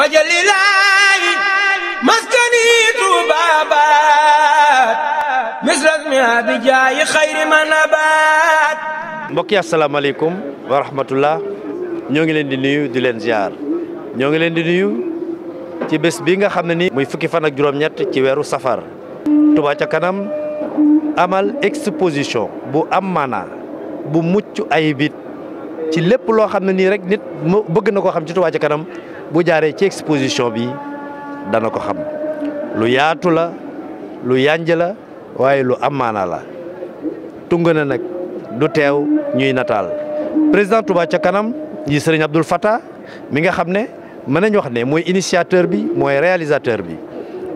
wajalilaayi maskani tuubaabaat misras mi abijaayi xayri manabaat mbokk yi asalaamaaleykum wa ñoo ngi leen di nuyu di leen ziar ñoo ngi leen di nuyu ci bés bii nga xam ne ni muy fukki fan ak juróom-ñett ci weeru safar Touba ca kanam amal exposition bu am maana bu mucc ayibit ci lépp loo xam ne nii rek nit bëgg na koo xam ci Touba ca kanam bu jaaree ci exposition bi dana ko xam lu yaatu la lu yànj la waaye lu amaana la na nag du teew ñuy nataal président Touba ca kanam yi sëriñ Abdoul Fattah mi nga xam ne mën nañ wax ne mooy initiateur bi mooy réalisateur bi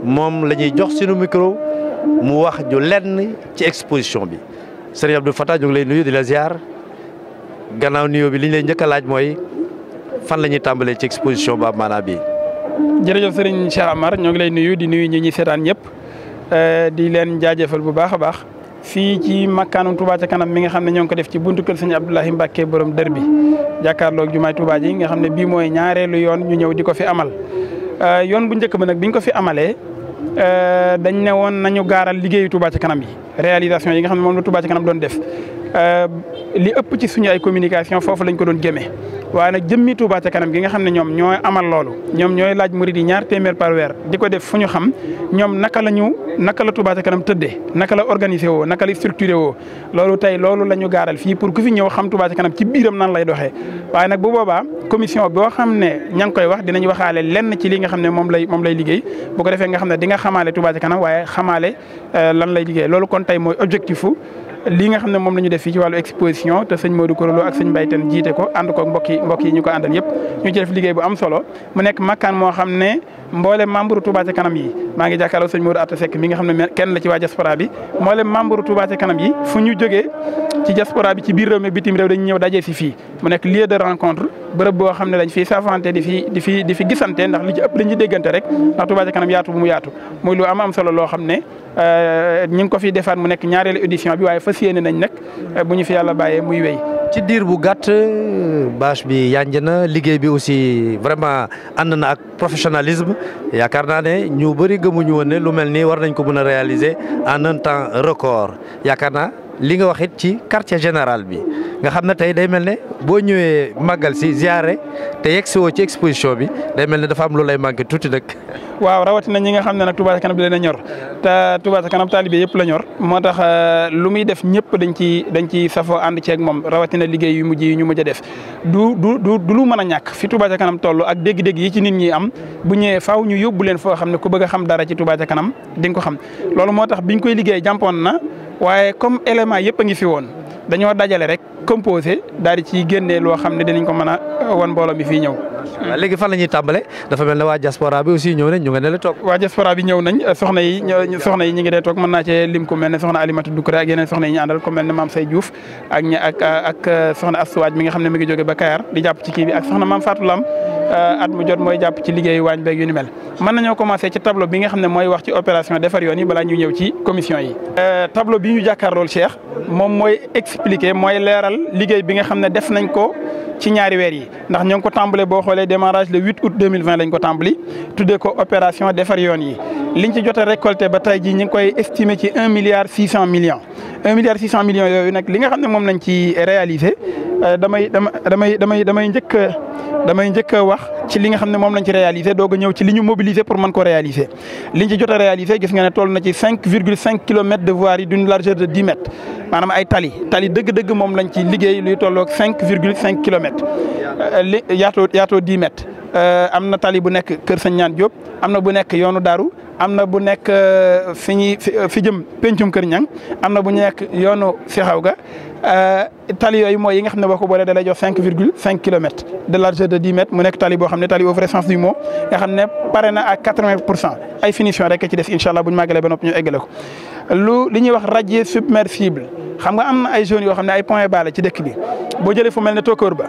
moom la ñuy jox sunu micro mu wax ju lenn ci exposition bi sëriñ Abdoul Fattah ñu ngi lay nuyu di la bi li ñu lay njëkk laaj mooy. fan la ñuy tàmbalee ci exposition baab Maanaa bi jërëjëf sëriñ Cheikh Amar ñoo ngi lay nuyu di nuyu ñi ñuy seetaan ñëpp euh, di leen jaajëfal bu baax a baax fii ci makkaanu Touba ca kanam mi nga xam ne ñoo ngi ko def ci buntu kër sëñ Abdoulahi Mbacke borom dër bi jàkkaarloog jumaay Touba ji nga xam ne bii mooy ñaareelu yoon ñu ñëw di ko fi amal. Euh, yoon bu njëkk ba nag biñ ko fi amalee euh, dañ ne woon nañu gaaral liggéeyu Touba ca kanam yi réalisation yi nga xam ne moom la Touba ca kanam doon def Euh, li ëpp ci suñu ay communication foofu lañ ko doon jëmee waaye nag jëmmi Touba ca kanam gi nga xam ne ñoom ñooy amal loolu ñoom ñooy laaj murid yi ñaar téeméer par weer di ko def fu ñu xam ñoom naka la ñu naka la Touba ca kanam tëddee naka la organisé woo naka la structuré woo loolu tey loolu la ñu gaaral fii pour ku fi ñëw xam Touba ca kanam ci biiram nan lay doxee waaye nag bu booba commission boo xam ne ña ngi koy wax dinañ waxaale lenn ci li nga xam ne moom lay moom lay liggéey bu defee nga xam ne di nga xamaale Touba ca waaye xamaale euh, lan lay liggéey loolu kon tey mooy objectif lii nga xam ne moom la ñu def fii ci wàllu exposition te sëñ Modou Korolo ak sëñ Mbaye Tène jiite ko ànd ko mbokk yi ñu ko àndal yëpp ñu ci bu am solo mu nekk makkaan moo xam ne mboolem membre Touba ca kanam yi maa ngi jàkkaarloo sëñ Modou Atta Seck mi nga xam ne kenn la ci waa diaspora bi mboolem membre Touba ca kanam yi fu ñu jógee ci diaspora bi ci biir réew mi bitim réew dañu ñëw dajee si fii mu nekk lieu de rencontre bërëb boo xam ne dañ fiy saafante di fi fi di fi gisante ndax li ci ëpp dañuy déggante rek ndax Touba ca kanam yaatu bu mu yaatu muy lu am am solo loo xam ne Euh, ñu ngi ko fi defaat mu nekk ñaareelu édition bi waaye fas yéene nañ nag euh, bu ñu fi yàlla bàyyee muy wéy. ci diir bu gàtt bâche bi yànj na liggéey bi aussi vraiment ànd na ak professionnalisme yaakaar naa ne ñu bëri gëmuñu woon ne lu mel nii war nañ ko mën a réaliser en un temps record yaakaar naa li nga wax it ci quartier général bi nga xam na tey day mel ne boo ñëwee màggal si ziare te yegg si woo ci exposition bi day mel ne dafa am lu lay manqué tuuti nag. waaw rawatina ñi nga xam ne nag Touba ca kanam di leen te Touba ca kanam taalibe yëpp la ñor moo tax euh, lu muy def ñëpp dañ ci dañ ci safoo ànd ceeg moom rawatina liggéey yu mujj yi ñu mujj a def du du du du lu mën a ñàkk fi Touba kanam toll ak dégg-dégg yi ci nit ñi am bu ñëwee faaw ñu yóbbu leen foo xam ne ku bëgg a xam dara ci tubaaja ca kanam di nga waaye comme élément yëpp a ngi fi woon dañoo dajale rek composé daal di ciy génnee loo xam ne dinañ ko mën a wan mbooloo mi fii ñëw. waaw léegi fan la ñuy tàmbale dafa mel ne waa diaspora bi aussi ñëw nañ ñu nga ne la toog waa diaspora bi ñëw nañ soxna yi soxna yi ñu ngi dee toog mën naa cee lim ku mel ne soxna Alimatu Dukure ak yeneen soxna yi ñu àndal ku Maam Say Diouf ak ak soxna Astuwaaj mi bi ak soxna Maam Fatou Lam euh, at mu mooy jàpp ci liggéeyu nga xam ne mooy wax ci opération defar yoon yi balaa ñu ci commission yi euh, tableau bi ñu jàkkaarlool Cheikh moom mooy expliquer mooy leeral liggéey bi nga xam ne def nañ ko ci ñaari weer yi xoolee démarrage le 8 août 2020 lañ ko tàmbali tuddee ko opération defar yoon yi liñ ci jot a récolté ba tey jii ñu ngi koy estimé ci un milliard six cent millions un milliard six cent millions yooyu nag li nga xam ne moom lañ ci réalisé euh, damay damay damay damay njëkk damay njëkk a wax ci li nga xam ne moom lañ ci réalisé doog ñëw ci li ñu mobilisé pour man ko réaliser. liñ ci jot réalisé gis nga ne toll na ci cinq virgule cinq kilomètres de voirie d'une largeur de dix mètres maanaam ay tali tali dëgg-dëgg moom lañ ci liggéey luy tolloog cinq virgule cinq kilomètres euh, li yaatoo yaatoo dix mètres euh, am na tali bu nekk Kër Sañ Ñaan Diop am na bu nekk yoonu Daaru am na bu nekk euh, fi ñuy euh, fi jëm pencum kër ñang am na bu nekk yoonu fi xaw ga euh, tali yooyu mooy yi nga xam ne boo ko boolee da lay jox cinq virgule cinq kilomètres de largeur de dix mètres mu nekk tali boo xam ne tali au vrai sens du mot nga xam ne pare na à quatre vingt pour cent ay finition rek ci des incha allah bu ñu màggalee ba noppi ko. lu li ñuy wax radier submersible xam nga am na ay zones yoo xam ne ay points bas la ci dëkk bi boo jëlee fu mel ne Tokor ba.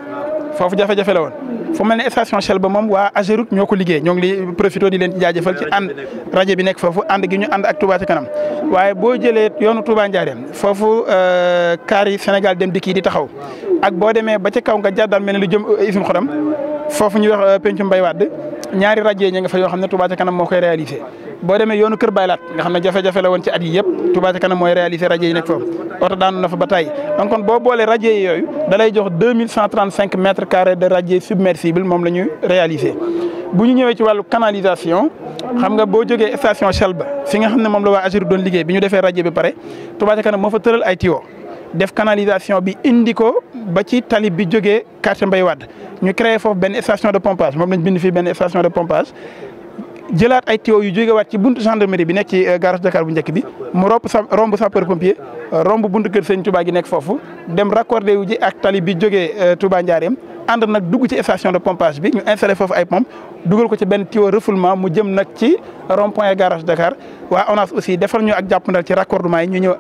foofu jafe-jafe la woon fu mel ne station Shell moom waa Ageroute ñoo ko liggéey ñoo ngi li profité di leen ci jaajëfal ci ànd rajo bi nekk foofu ànd gi ñu ànd ak Touba ci kanam waaye boo jëlee yoonu tubaa Njaareem foofu euh, kaar yi Sénégal dem dikki di taxaw ak boo demee ba ca kaw nga jàddal mel ne lu jëm usine euh, xorom foofu ñu wax euh, pencu mbay wadd ñaari rajo yi ñu nga fa yoo xam ne Touba ci moo koy réalisé boo demee yoonu Kër Baylaat nga xam ne jafe-jafe la woon ci at yi yëpp ka ca kanam mooy réaliser rajo yi nekk foofu oto daanu na fa ba tey kon boo boolee rajo yooyu da jox deux mille cent trente cinq mètres carrés de rajo submersible moom la ñu réaliser. bu ñu ñëwee ci wàllu canalisation xam nga boo jógee station Shell ba fi nga xam ne moom la waa AGEROUTE doon liggéey bi ñu defee rajo bi pare Touba ca na moo fa tëral ay tuyaux def canalisation bi indi ko ba ci tali bi jógee quartier Mbaye Wade ñu créé foofu benn station de pompage moom lañ bind fii benn station de pompage. jëlaat ay tuyaux yu jógewaat ci buntu gendarmerie bi nekk ci euh, garage Dakar bu njëkk bi mu romb sa romb sapeur pompier euh, romb buntu kër sëñ Touba gi nekk foofu dem raccordé wu ji ak tali bi jógee euh, Touba Njaareem ànd nag dugg ci station de pompage bi ñu installé foofu ay pompe dugal ko ci benn tuyau refoulement mu jëm nag ci rond point garage Dakar waa ONAS aussi defal ñu ak jàpp jàppandal ci raccordement yi ñu ñëw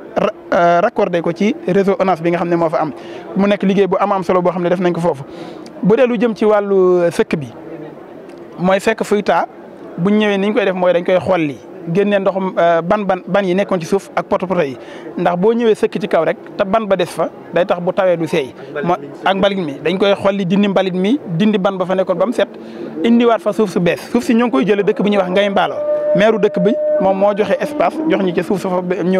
raccordé ko ci réseau ONAS bi nga xam ne moo fa am mu nekk liggéey bu am solo boo xam ne def nañ ko foofu lu jëm ci wàllu sëkk bi mooy fekk bu ñëwee ni ñu koy def mooy dañ koy xolli génne ndoxum euh, ban ban ban yi nekkoon ci suuf ak poto poto yi ndax boo ñëwee sëkk ci kaw rek te ban ba des fa day tax bu tawee du seey. ak mbalit mi dañ koy xolli dindi mbalit mi dindi ban ba fa nekkoon ba mu set indiwaat fa suuf su bees suuf si ñoo ngi koy jëlee dëkk bi ñuy wax ngay mbaaloo maire dëkk bi moom moo joxe espace jox ñu ca suuf sa fa ñu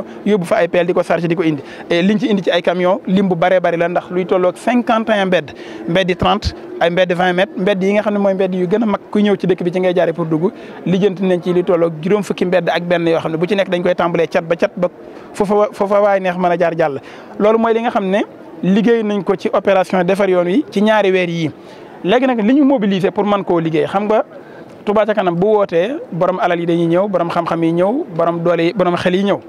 ay peel di ko chargé di ko indi et liñ ci indi ci ay camion lim bu bëree bëri la ndax luy tolloog cinquante et un mbedd mbedd trente ay mbedd vingt mètres mbedd yi nga xam ne mooy mbedd yu gën a mag ku ñëw ci dëkk bi ci ngay jaaree pour dugg lijjanti nañ ci li tolloog juróom fukki mbedd ak benn yoo xam ne bu ci nekk dañ koy tàmbalee cat ba cat ba foofa foofa waay neex mën a jaar jàll loolu mooy li nga xam ne liggéey nañ ko ci opération defar yoon wi ci ñaari weer yii léegi nag li ñu mobiliser pour mën koo liggéey xam nga Touba ca kanam bu wootee borom alal yi dañuy ñëw borom xam-xam yi ñëw borom doole yi borom xel yi ñëw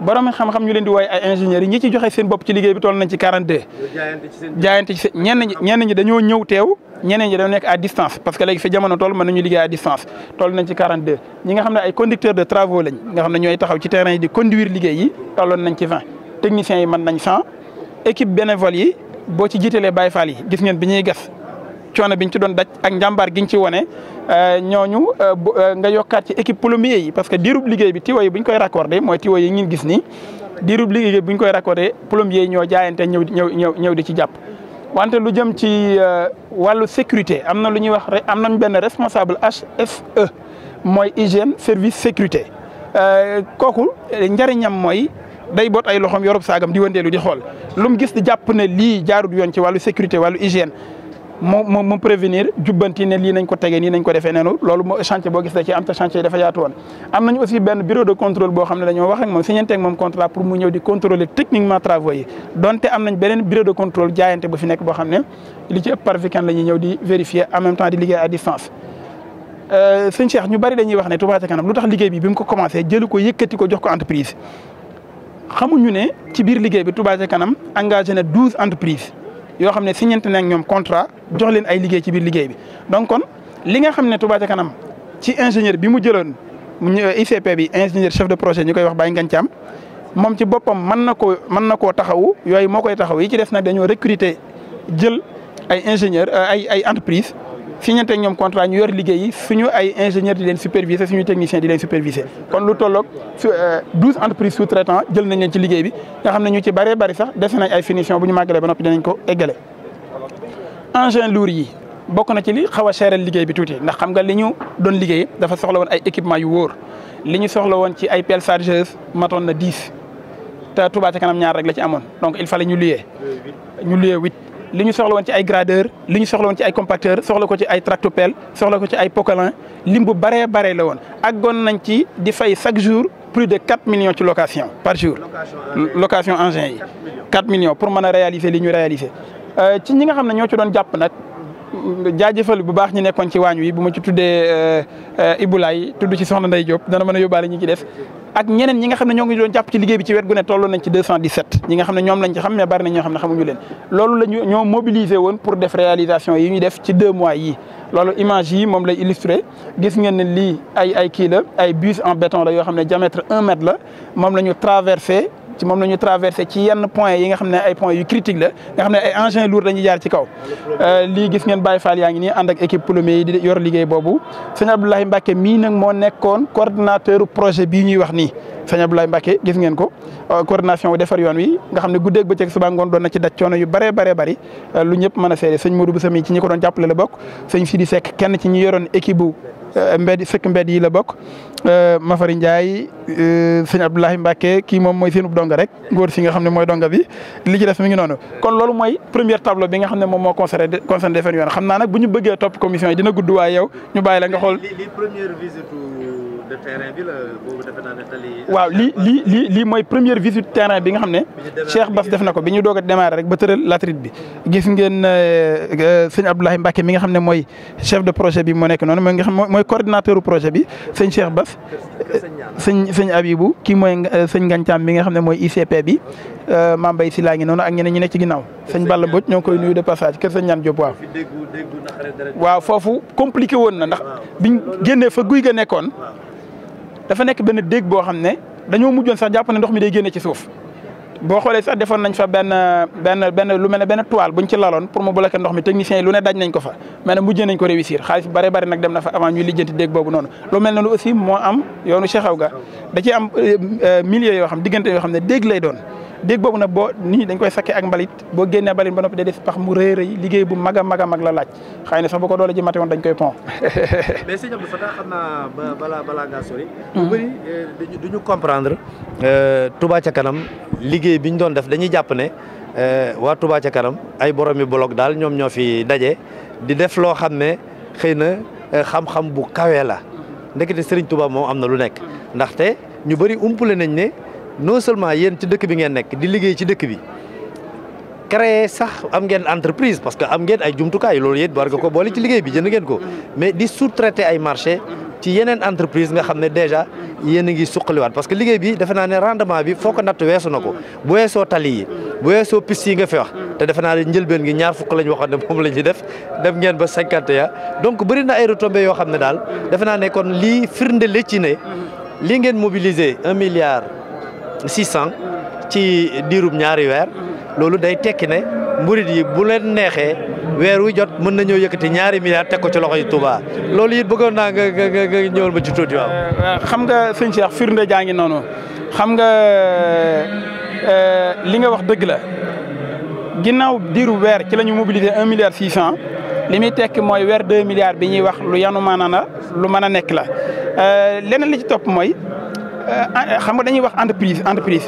borom xam-xam ñu leen di wooye ay ingénieurs yi ñu ci joxe seen bopp ci liggéey bi toll nañ ci 42. jaayante ñenn ñi ñenn ñi dañoo ñëw teew ñeneen ñi dañoo nekk à distance parce que léegi fi jamono toll mën nañ ci 42. ñi nga xam ne ay conducteurs de travaux lañ nga xam ne ñooy taxaw ci terrain yi di conduire liggéey yi nañ ci 20 techniciens yi mën nañ 100 équipe bénévole yi boo ci jiitalee Baye Fall yi gis ngeen bi ñuy gas coono biñ ci doon daj ak njàmbaar giñ ci wone euh, ñooñu euh, euh, nga yokkaat ci équipe plombier yi parce que diirub liggéey bi tiwo buñ koy raccordé mooy tiwo yi ngeen gis nii diirub liggéey bi koy raccordé plombier yi ñoo jaayante ñëw ñëw ñëw ñëw di ci jàpp. wante lu jëm ci wàllu sécurité am na lu ñuy wax am nañ benn responsable HSE mooy hygiène service sécurité kooku njëriñam mooy. day boot ay loxoom yorub saagam di wëndeelu di xool lu mu gis di jàpp ne lii jaarut yoon ci wàllu sécurité wàllu hygiène mu mu prévenir jubbanti ne lii nañ ko tegee nii nañ ko defee neenu loolu moo chantier boo gis da ci am te chantier dafa yaatu woon am nañ aussi benn bureau de contrôle boo xam ne dañoo wax ak moom signante ak moom contrat pour mu ñëw di contrôler techniquement travaux yi donte am nañ beneen bureau de contrôle jaayante bu fi boo xam ne li ci ëpp par week-end la ñuy ñëw di vérifier euh, ñu bari dañuy wax ne Touba kanam lu tax liggéey bi bi mu ko commencé jëlu ko yëkkati ko jox ko entreprise xamuñu ne ci biir liggéey bi Touba ca kanam engagé na douze yoo xam ne signante na ak ñoom contrat jox leen ay liggéey ci biir liggéey bi donc kon li nga xam ne Touba ca kanam ci ingénieur bi mu jëloon ICP bi ingénieur chef de projet ñu koy wax Baye Ngagne Thiam moom ci boppam mën na koo mën na koo taxawu yooyu moo koy taxaw yi ci des nag dañoo recruter jël ay ingénieur ay ay entreprise signé teg ñoom contrat ñu yor liggéey yi suñu ay ingénieur di leen superviser suñu technicien di leen superviser kon lu tolloog su euh, douze entreprises sous-traitant jël nañ leen ci liggéey bi nga xam ne ñu ci bëree bëri sax dese nañ ay finition bu ñu màggalee ba noppi dinañ ko eggale engin lourd yi bokk na ci li xaw a seeral bi tuuti ndax xam nga li ñu doon liggéey dafa soxla woon ay équipement yu wóor li ñu soxla woon ci ay pelle chargeuse matoon na dix te Touba ca kanam ñaar rek la ci amoon donc il fallait ñu luyee ñu luyee li ñu soxla woon ci ay gradeur liñu ñu soxla woon ci ay compacteur soxla ko ci ay tractopelle soxla ko ci ay poquelin lim bu baree baree la woon àggoon nañ ci di fay chaque jour plus de quatre millions ci location par jour location engin yi quatre millions pour mën a réaliser li ñu réaliser euh, ci ñi nga xam ne ñoo ci doon jàpp nag jaajëfal bu baax ñi nekkoon ci waañ wi bu ma ci tuddee euh, euh, Ibulaay tudd ci soxna Ndey Diop dana mën a yóbbaale ñi ci des ak ñeneen ñi nga xam ne ñoo ngi doon jàpp ci liggéey bi ci wet gu ne tolloon nañ ci 217 ñi nga xam ne ñoom lañ xam mais bari na ñoo xam ne xamuñu leen loolu la ñu ñoo mobilisé woon pour def réalisation yi ñu def ci deux mois yi loolu image yi moom lay illustré gis ngeen ne lii ay ay kii la ay bus en béton la yoo xam ne diamètre un mètre la moom la ñu traversé ci moom la traversé ci yenn point yi nga xam ne ay points yu critique la nga xam ne ay engins lourds dañuy jaar ci kaw euh, lii gis ngeen Baye Fall yaa ngi nii ànd ak équipe plombier yi di yor liggéey boobu sëñ Abdoulaye Mbacke mii nag moo nekkoon coordinateur projet bi ñuy wax nii sëñ Abdoulaye Mbacke gis ngeen ko euh, coordination wu defar yoon wi nga xam ne guddeeg bëccëg suba ngoon doon na ci daj coono yu bëree bëree bëri euh, lu ñëpp mën a seede sëñ Modou Boussami ci ñi ko doon jàppale la bokk sëñ Sidi kenn ci ñi yoroon équipe bu Eh, mbedd fekk mbedd yi la bokk eh, Mafari Ndiaye eh, sëñ Abdoulahi Mbacke kii moom mooy seenub donga rek góor si nga xam ne mooy donga bi li ci def mi ngi noonu kon loolu mooy première table bi nga xam ne moom moo concerné concerné defen yoon xam naa nag bu ñu bëggee topp commission yi dina gudd waaye yow ñu bàyyi la nga xool li waaw li lii lii lii mooy première visite terrain bi nga xam ne. Cheikh Bass def na ko bi ñu doog a démarrer rek ba tëral latérite bi. gis ngeen euh, euh, sëñ Abdoulaye Mbacke mi nga xam ne mooy chef de projet bi moo nekk noonu mooy nga xam mooy coordinateur projet bi sëñ Cheikh Bass. sëñ sëñ Abibou kii mooy euh, sëñ Ngancam mi nga xam ne mooy ICP bi. Mame Mbaye si laa ngi noonu ak ñeneen ñi nekk ci ginnaaw. sëñ Balla Mbodj ñoo ngi koy nuyu de passage kër sëñ Ñaan Diop waaw. foofu compliqué woon na ndax bi génnee fa guy ga nekkoon dafa nekk benn déeg boo xam ne dañoo mujjoon sax jàpp ne ndox mi day génne ci suuf boo xoolee sax defoon nañ fa benn benn benn lu mel ne benn toile buñ ci laloon pour mu bloquer ndox mi techniciens yi lu ne daj nañ ko fa mais nag mujjee nañ ko réussir xaalis bare bare nag dem na fa avant ñuy lijjanti déeg boobu noonu lu mel noonu aussi moo am yoonu Cheikh Awga da ci am euh, euh, milieu yoo xam diggante yoo xam ne déeg lay doon déeg boobu nag boo nit dañ koy sakkee ak mbalit boo génnee mbalit ba noppi day des pax mu rëy rëy liggéey bu mag a mag a mag la laaj xëy na sax bu ko doole ji mate woon dañ koy bëri hmm. eh, ñu comprendre. Eh, Touba ca kanam liggéey bi ñu doon def dañuy jàpp ne eh, waa tubaa ca kanam ay boromi bloc daal ñoom ñoo fi daje di def loo xam ne xëy na xam-xam bu kawe la hmm. ndekete Serigne Touba moom am na lu nekk ndaxte ñu bëri umpule nañ ne. non seulement yéen ci dëkk bi ngeen nekk di liggéey ci dëkk bi créer sax am ngeen entreprise parce que am ngeen ay jumtukaay loolu yéen war ko boole ci liggéey bi jënd ngeen ko mais di sous-traiter ay marché ci yeneen entreprise nga xam ne déjà yéen a ngi suqaliwaat parce que liggéey bi defe naa ne rendement bi foo ko natt weesu na ko bu weesoo tali yi bu weesoo piste yi nga fi wax te defe naa ne njëlbeen gi ñaar fukk lañ waxoon ne moom la ñuy def dem ngeen ba cinquante ya bëri na ay yoo xam ne daal defe naa ne kon lii firnde la ci lii ngeen mobiliser un six cent ci diirub ñaari weer loolu day tekki ne mburit yi bu leen neexee weer wu jot mën nañoo yëkkati ñaari milliards teg ko ci loxo yi Touba loolu it bëggoon naa nga ñëwal ma ci tuuti waaw. Euh, xam nga sëñ Cheikh firnde jaa ngi noonu xam nga euh, li nga wax dëgg la ginnaaw diiru weer ci la ñu mobiliser un milliard six cent li muy tekki mooy weer deux milliards bi ñuy wax lu yanu maanaam la lu mën a nekk la euh, leneen li ci topp mooy. Euh, euh, xam nga dañuy wax entreprise entreprise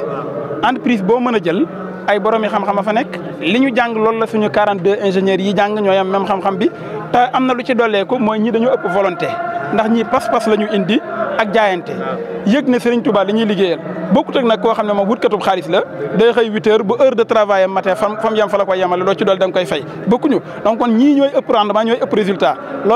entreprise boo mën a jël ay borom yi xam-xam a fa nekk li ñu jàng loolu la suñu 42 ingénieurs yi jàng ñooy am même xam-xam bi te am na lu ci dolleeku mooy ñi dañoo ëpp volonté ndax ñi pas-pas la ñu indi ak jaayante yëg ne Serigne Touba li ñuy liggéeyal bokkut ak nag koo xam ne moom wutkatub xaalis la day xëy huit heures bu heure de travail am matin fam fam yam fa la koy yemale loo ci dool da nga koy fay bokkuñu donc kon ñii ñooy ëpp rendement ñooy ëpp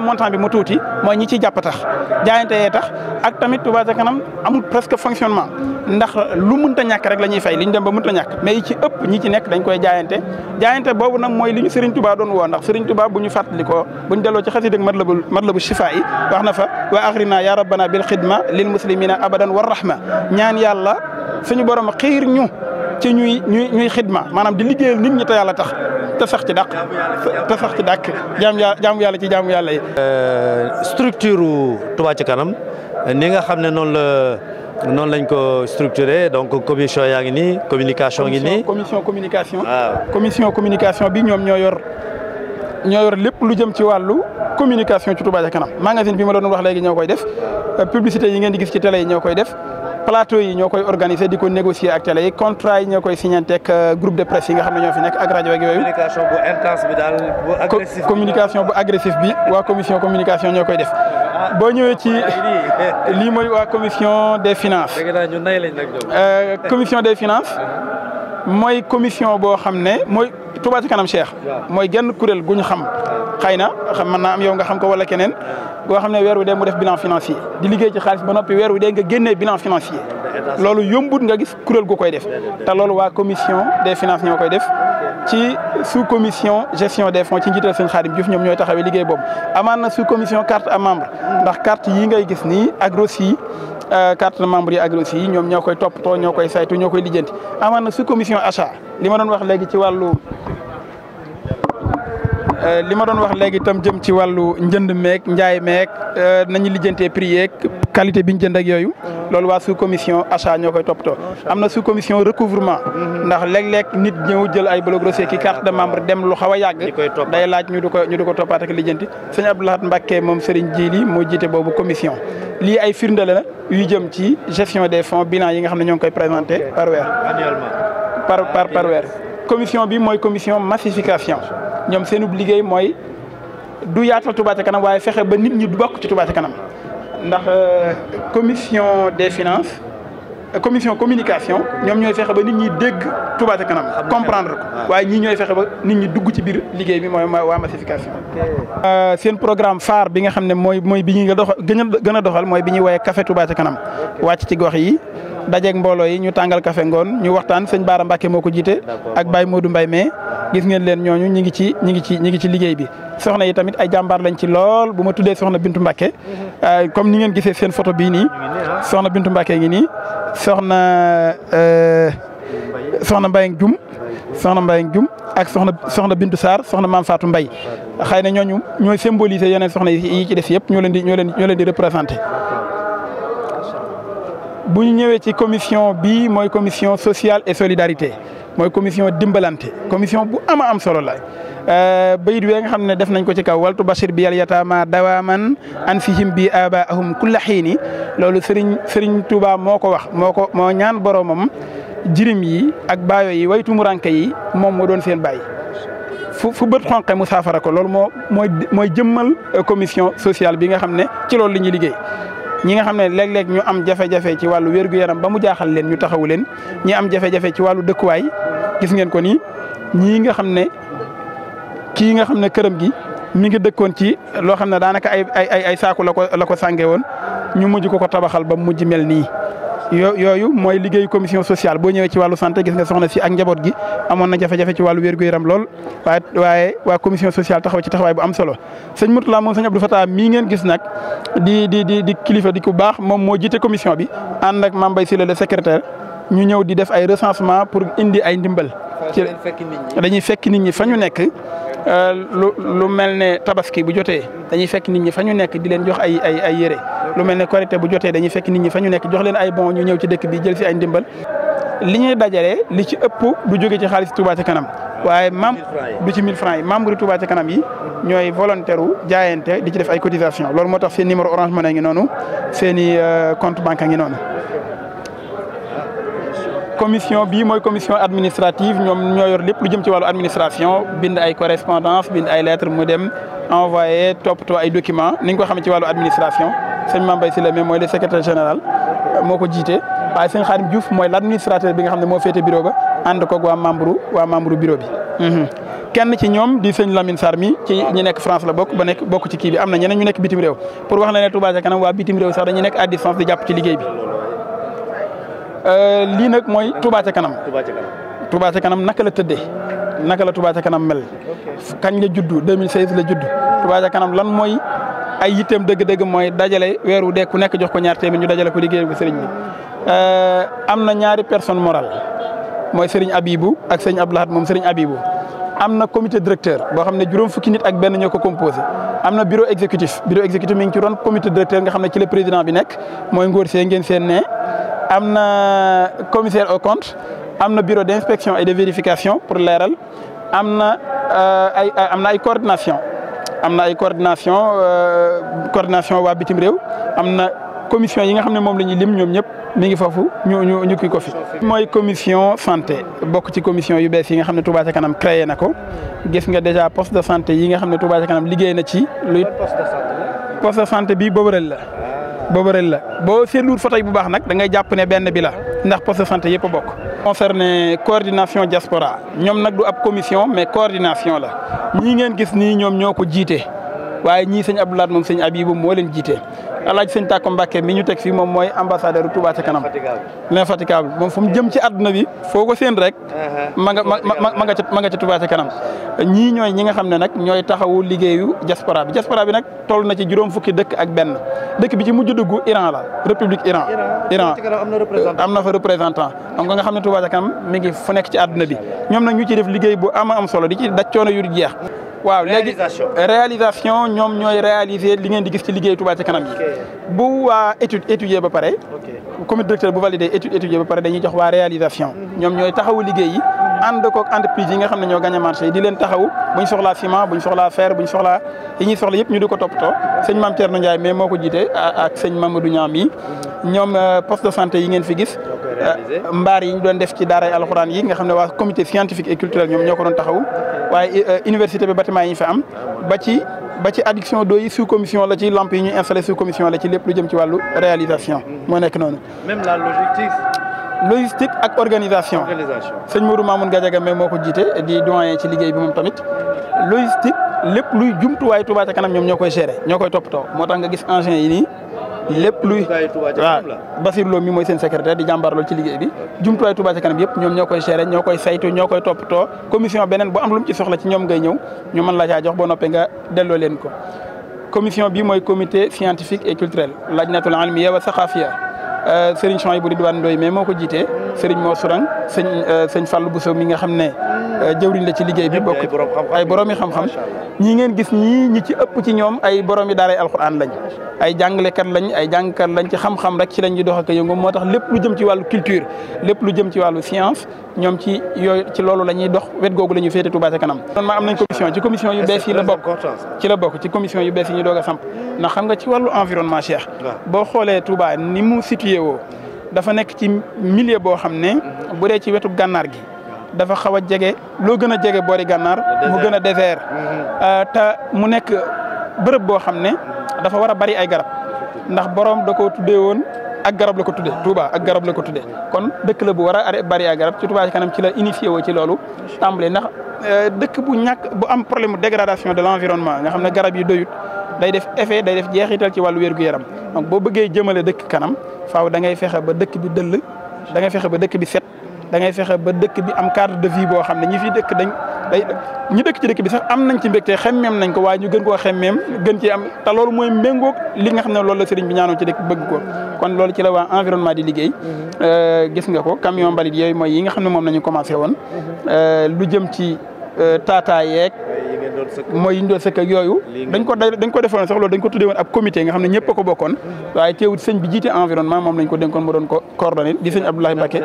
mooy mu tuuti mooy ñi ci jàpp tax jaayante yee tax ak tamit Touba ca kanam amul presque fonctionnement ndax lu mënta ñàkk rek la ñuy fay ñu dem ba mënta ñàkk mais yi ci ëpp ñi ci nekk dañ koy jaayante jaayante boobu nag mooy li ñu tubaa doon woo ndax Serigne tubaa bu ñu fàttalikoo bu ñu delloo ci xasida matlabul matlabu shifa yi wax na fa wa axrina ya rabbana bil xidma lil muslimina abadan war rahma ñaan yàlla suñu borom xiir ñu ci ñuy ñuy ñuy xidma maanaam di liggéeyal nit ñi te yàlla tax te sax ci dàq te sax ci dàq jaamu yàlla jaamu yàlla ci jaamu yàlla yi euh, structure Touba ci kanam ni nga xam ne noonu la noonu lañ ko structuré donc commission yaa ngi nii communication ngi nii. commission communication. waaw ah. bi ñoom ñoo yor ñoo yor lépp lu jëm ci wàllu communication ci Touba ca kanam magazine bi ma doon wax léegi ñoo koy def euh, publicité yi ngee di gis ci télé yi ñoo koy def. plateau yi ñoo koy organiser di ko négocier ak télé yi contrat yi ñoo koy signanté ak euh, groupe de presse yi nga xam ne ñoo fi nekk ak rajo ak yooyu. communication bu intense bi daal bu agressif. bi waa commission communication ñoo koy def. boo ñëwee ci lii mooy waa commission des finances. Euh, commission des finance mooy commission boo xam ne mooy Touba kanam Cheikh. mooy genn kuréel gu ñu xam. xëy na xam mën naa am yow nga xam ko wala keneen goo xam ne weer wu dee mu def bilan financier di liggéey ci xaalis ba noppi weer wu dee nga génnee bilan financier loolu yombut nga gis kuréel gu koy def te loolu wa commission de finances ñoo koy def ci sous commission gestion des fonds ci njiital seen Xaadim Diouf ñoom ñooy taxawee liggéey boobu amaan na sous commission carte à membre ndax carte yi ngay gis nii agros yi euh, carte membre yi agros yi ñoom ñoo koy toppatoo ñoo koy saytu ñoo koy lijjanti amaan na sous commission achat li ma doon wax léegi ci wàllu Euh, li ma doon wax léegi itam jëm ci wàllu njënd meeg njaay meeg euh, nañu lijjantee prix yeeg qualité bi ñu jënd ak yooyu loolu waa sous commission achat ñoo koy toppatoo am na sous commission recouvrement ndax léeg-léeg nit ñëw jël ay bloc grossier ki carte de membre dem lu xaw a yàgg day laaj ñu du ko ñu du ko toppaat ak lijjanti sëñ Abdoulahat Mbacké moom Serigne Djili moo jiite boobu commission li ay firnde la yu jëm ci gestion des fonds bilan yi nga xam ne ñoo ngi koy présenté par weer par par par weer bi mooy commission massification ñoom seenub liggéey mooy du yaatal Touba Ca Kanam waaye fexe ba nit ñi du bokk ci Touba Ca Kanam ndax euh, commission des finances euh, commission communication ñoom ñooy fexe ba nit ñi dégg Touba Kanam comprendre waaye ñii ñooy fexe ba nit ñi dugg ci biir liggéey bi mooy waa massification euh, seen programme phare bi nga xam ne mooy mooy bi ñuy nga doxal gën gën a doxal mooy bi ñuy woowee café Touba Kanam wàcc ci gox yi dajeeg mbooloo yi ñu tàngal kafe ngoon ñu waxtaan sëñ Baara Mbacke moo ko jiite ak Baye Modou Mbaye mais gis ngeen leen ñooñu ñi ngi ci ñi ngi ci ñi ngi ci liggéey bi soxna yi tamit ay jàmbaar lañ ci lool bu ma tuddee soxna Bintu Mbacke euh, comme ni ngeen gisee seen photo bii nii soxna Bintu Mbacke ngi nii soxna euh, soxna Mbaye Dioum soxna Mbaye Dioum ak soxna soxna Bintu Sarr soxna Mame Fatou Mbaye xëy na ñooñu ñooy symboliser yeneen soxna yi ci def yëpp ñoo leen di ñoo leen ñoo leen di représenté bu ñu ñëwee ci commission bii mooy commission sociale et solidarité mooy commission dimbalante commission bu ama am solo la euh, bayit wee nga xam ne def nañ ko ci kaw waltu bashir bi yal yataama dawaaman an fihim bi abaahum kulla xiini loolu Serigne Serigne Touba moo ko wax moo ko moo ñaan boromam jirim yi ak baayo yi way tumuranke yi moom moo doon seen bàyyi fu fu bët xonqe mu saafara ko loolu moo mooy mooy jëmmal commission sociale bi nga xam ne ci loolu la ñuy liggéey ñi nga xam ne léeg-léeg ñu am jafe-jafe ci wàllu wér yaram ba mu jaaxal leen ñu taxawu leen ñi am jafe-jafe ci wàllu dëkkuwaay gis ngeen ko ni ñii nga xam ne kii nga xam ne këram gi mi ngi dëkkoon ci loo xam ne daanaka ay ay ay saaku la ko la ko sànge woon ñu mujj ko ko tabaxal ba mu mujj mel nii yo yooyu mooy liggéeyu commission sociale boo ñëwee ci wàllu santé gis nga soxna si ak njaboot gi amoon na jafe-jafe ci wàllu wér lool waaye waa commission sociale taxawaay bu am solo sëñ Mourtala moom sëñ Abdou Fatah mii ngeen gis nag di di kilifa di ku baax moom moo jiite commission bi ànd ak Mame Baye Sylla le secrétaire ñu ñëw di def ay recensement pour indi ay ndimbal. ci dañuy fekk nit ñi fa ñu nekk. Euh, lu lu mel ne tabaski bu jotee dañuy fekk nit ñi fa ñu nekk di leen jox ay ay ay yére lu mel ne korité bu jotee dañuy fekk nit ñi fa ñu nekk jox leen ay bon ñu ñëw ci dëkk bi jël si ay ndimbal li ñuy dajalee li ci ëpp du jóge ci xaalis Touba Ca Kanam waaye mem du ci 1000 francs yi membre yi Touba Ca Kanam yi ñooy volontaire wu jaayante di ci def ay cotisation loolu moo tax seen numéro Orange Money ngi noonu seen i euh, compte banque ngi noonu commission bii mooy commission administrative ñoom ñoo yor lépp lu jëm ci wàllu administration bind ay correspondance bind ay lettre mu dem envoyé toppatoo ay documents ni ñu ko xamee ci wàllu administration sëñ Mame Mbaye Sylla mooy le secrétaire général moo ko jiite. waaye sëñ Khadim Diouf mooy l' administrateur bi nga xam ne moo féete bureau bi. Mhm. kenn ci ñoom di sëñ Lamine Sarr mi ci ñi nekk France la bokk ba nekk bokk ci kii am na ñeneen ñu nekk bitim réew pour wax la ne Touba ca waa bitim réew Euh, lii nag mooy Touba ca kanam. Touba ca kanam naka la tëddee naka la Touba ca kanam mel kañ la juddu 2016 la juddu Touba kanam lan mooy ay yitteem dëgg-dëgg mooy dajale weeru de ku nekk jox ko ñaar téeméer ñu dajale ko liggéey ko sëriñ bi. Euh, am na ñaari personne morale mooy sëriñ Abibou ak sëriñ Abdoulahat moom sëriñ Abibou am na comité directeur boo xam ne juróom fukki nit ak benn ñoo composé am na bureau exécutif bureau exécutif mi ngi ci ron comité directeur nga xam ne ci la bi nekk mooy Ngor see ngeen seen ne. am na commissaire aux comptes am na bureau d'inspection et de vérification pour leeral am na euh, ay am na ay coordination am na ay coordination euh, coordination waa bitim réew am na commission yi nga xam ne moom la ñuy lim ñoom ñëpp mi ngi foofu ñu ñu ñu kii ko fi. mooy commission santé bokk ci commission yu bees yi nga xam ne Touba ca kanam créé na ko gis nga déjà poste de santé yi nga xam ne Touba ca kanam liggéey na ci luy. de santé bi boobu la. boobu rël la boo seetluwut fa tey bu baax nag dangay jàpp ne benn bila ndax poste santé yëpp a bokk. concerné coordination diaspora ñoom nag du ab commission mais coordination la ñii ngeen gis nii ñoom ñoo ko jiite waaye ñii sëñ Abdoulaye moom sëñ Abibou moo leen jiite. alaaj sëñ Tàkko Mbàkke mi ñu teg fii moom mooy ambassadeur Touba ca kanam l'infatigable moom fu mu jëm ci àdduna bi foo rek uh-huh. ma nga ma ma nga ma nga ca ca kanam ñii ñooy ñi nga xam ne nag ñooy taxawu liggéeyu diaspora bi diaspora bi nag toll na ci juróom fukki dëkk ak benn dëkk bi ci mujj dugg Iran la république Iran Iran am na fa représentant donc nga xam ne Touba ca kanam mi ngi fu nekk ci àdduna bi ñoom na ñu ci def liggéey bu am am solo di ci daj coono yu jeex waaw léegi réalisation ñoom ñooy réaliser li ngeen di gis ci liggéey Touba ca kanam yi bu waa étude étudier ba pare. comité directeur bu validé étude étudier ba pare dañuy jox waa réalisation. Mhm. ñoom ñooy taxawu liggéey yi. ànd koog entreprise yi nga xam ne ñoo gagné marché di leen taxawu buñ soxlaa ciment buñ soxlaa fer buñ soxlaa yi ñuy soxla yëpp ñu di ko to mhm. sëñ Mame Thierno Ndiaye mais moo ko jiite ak sëñ Mamadou Niam mhm. yi ñoom euh, poste de santé yi ngeen fi gis. Euh, mbaar yi ñu doon def ci daaray alxuraan yi nga xam ne waa comité scientifique et culturel ñoom ñoo ko doon taxawu waaye euh, euh, université bi bâtiment yi ñu am ba ci ba ci adduction d'eau yi sous commission la ci lamp yi ñu installé sous commission la ci lépp lu jëm ci wàllu réalisation moo nekk noonu. même la logistique. logistique ak organisation. organisation sëñ Mourou Mamoun Gadiaga mais moo ko jiite di doyen ci liggéey bi moom tamit logistique lépp luy jumtuwaay Touba ca kanam ñoom ñoo koy gérer ñoo koy toppatoo moo tax nga gis engins yi nii. lépp luy waaw Basir Lo mi mooy seen secrétaire di jàmbaar lool ci liggéey bi jumtuwaay Touba ca kanam yëpp ñoom ñoo koy gérer ñoo koy saytu ñoo koy toppatoo commission beneen bo am lu mu ci soxla ci ñoom ngay ñëw ñu mën la caa jox boo noppee nga delloo leen ko commission bi mooy comité scientifique et culturel lajnatul almiya wa saxaafiya euh, Sëriñ Chouaïb bu di diwaan Ndoye mais moo ko jiitee Sëriñ Mor Sourang sëñ euh, sëñ Fallou Bousso mi nga xam ne euh, jëwriñ la ci liggéey bi bokk ay borom yi xam-xam ñii ngeen gis ñii ñi ci ëpp ci ñoom ay borom yi daaray alxuraan lañ ay jàngalekat lañ ay jàngkat lañ ci xam-xam rek ci lañ di dox ak yëngu moo tax lépp lu jëm ci wàllu culture lépp lu jëm ci wàllu science ñoom ci yooyu ci loolu la ñuy dox wet googu la ñuy féete Touba ca kanam. am nañ commission ci commission yu bees yi la bokk ci la bokk ci commission yu ñu doog a samp ndax xam nga ci wàllu environnement Cheikh. boo xoolee Touba ni mu situé woo dafa nekk ci millier boo xam ne bu dee ci wetu gànnaar gi. dafa xaw a jege loo gën a jege boori gànnaar mu gën a désert mm-hmm. euh, te mu nekk bërëb boo xam ne dafa war a bari ay garab ndax borom da ko tuddee woon ak garab la ko tudde Touba ak garab la ko tuddee kon dëkk la bu war a bari ay garab ci Touba kanam ci la unifié woo ci loolu tàmbale ndax euh, dëkk bu ñàkk bu am problème dégradation de l'environnement nga xam ne garab yi doyut day def effet day def jeexital ci wàllu wér gu yaram donc boo bëggee jëmale dëkk kanam faaw da ngay fexe ba dëkk bi dëll da ngay fexe ba dëkk bi set dangay fexe ba dëkk bi am cadre de vie boo xam ne ñi fi dëkk dañ day ñi dëkk ci dëkk bi sax am nañ ci xem xemmeem nañ ko waaye ñu gën ko koo xemmeem gën ci am te loolu mooy méngoog li nga xam ne loolu la sëriñ bi ñaanoon ci dëkk bëgg ko kon loolu ci la waa environnement di liggéey euh, gis nga ko camion mbalit yooyu mooy yi nga xam ne moom nañu ñu woon mm-hmm. euh, lu jëm ci euh, tata yeeg mooy yi ñu doon yooyu dañ ko dañ ko defoon sax dañ ko tuddee woon ab comité nga xam ne ñëpp a ko bokkoon waaye teewut sëñ bi jiite environnement moom lañ ko dénkoon mu doon ko coordonné di sëñ Abdoulaye Mbacké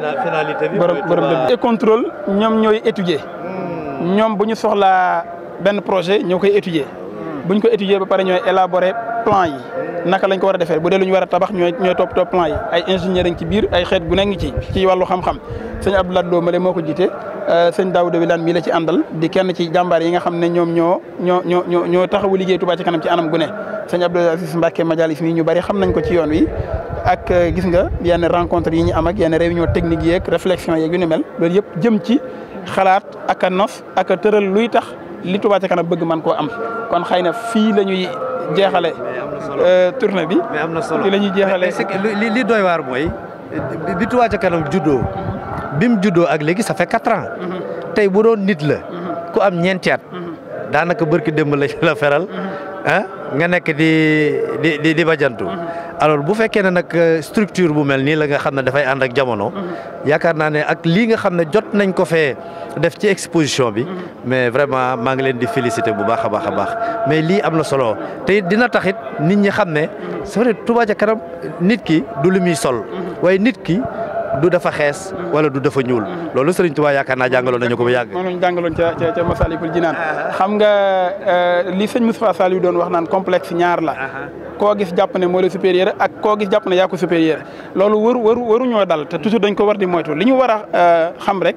borom borom dëgg et contrôle ñoom ñooy étudier hmm. ñoom bu ñu soxlaa benn projet ñoo koy étudier hmm. buñ ko étudier ba pare ñooy élaborer plan yi naka lañ ko war a defee bu dee lu ñu war tabax ñooy ñooy topp plan yi ay ingénieur ngi ci biir ay xeet gu ngi ci ci wàllu xam-xam sëñ Abdoulaye Doomale moo ko jiite euh, sëñ Daouda Wilane mii la ci àndal di kenn ci yi nga xam ne ñoom ñoo ñoo ñoo ñoo ñoo taxawu liggéey Touba ci kanam ci anam gu ne sëñ Abdoul Aziz Mbacke Madialis ñu bari xam nañ ko ci yoon wi ak euh, gis nga yenn rencontre yi ñu am ak yenn réunion technique yeeg réflexion yeeg yu ni mel loolu li Touba ca kanam bëgg man koo am kon xëy na fi la ñuy jeexale euh, tournée bi am na solo fii jeexale li li doy waar mooy bi Touba ca kanam juddoo bim juddoo ak léegi ça fait quatre ans mhm. tey bu doon nit la mhm. ku am ñeenti mhm. daanaka bërki démb la la feral ah nga nekk di di di di bajantu alors bu fekkee ne nag euh, structure bu mel nii la nga xam ne dafay ànd ak jamono yaakaar naa ne ak lii nga xam ne jot nañ ko fee def ci exposition bi mais vraiment maa ngi leen di félicité bu baax a baax a baax mais lii am na solo te it dina taxit nit ñi xam ne c'est vrai Touba ca kanam nit ki du lu muy sol mm-hmm. waaye nit ki du dafa xees wala du dafa ñuul loolu Serigne Touba yaakaar naa jàngaloon nañu ko bu yàgg moom lañ jàngaloon ca ca ca Masalikul uh-huh. xam nga euh, li sëñ Moustapha Sall yu doon wax naan complexe ñaar la uh-huh. koo gis jàpp ne moo la supérieur ak koo gis jàpp ne yaa ko loolu waru waru waru ñoo dal te toujours dañ ko war di moytu li ñu war a euh, xam rek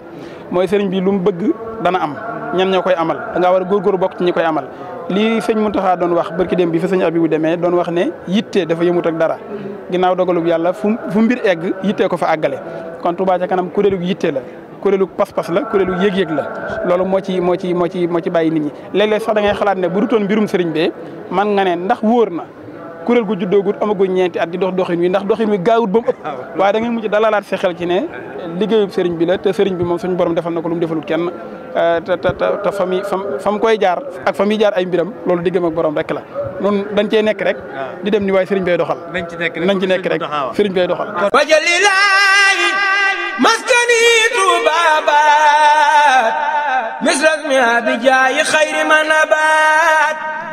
mooy sëriñ bi lu mu bëgg dana am ñan ñoo koy amal danga war a góorgóorlu bokk ci ñi koy amal. lii sëñ Mountakha doon wax barki dem bi fa sëñ Abibu demee doon wax ne yitte dafa yëmut ak dara ginnaaw dogalub yàlla fu fu mbir egg yitte ko fa àggale kon Touba ca kanam kuréelu yittee la. kuréelu pas-pas la kuréelu yëg-yëg la loolu moo ci moo ci moo ci moo ci bàyyi nit ñi léeg-léeg sax da xalaat ne bu dutoon mbirum sëriñ bee man nga ne ndax wóor na kuréel gu juddoogut amaguñ ñeenti at di doxin wi ndax doxin wi gaawut ba ëpp ah, waaye da ngeen mujj dalalaat sa xel ci ne liggéeyub sëriñ bi la te sëriñ bi moom suñu borom defal na ko lu mu defalut kenn euh, te te te fam fam koy jaar ak fam yi jaar ay mbiram loolu diggam ak borom rek la noonu dañ cee nekk rek ah. di dem ni waaye sëriñ bay doxal nañ ci nekk rek sëriñ bay doxal wajalilaahi maskani tubabat misrak mi abi jaayi xayri manabat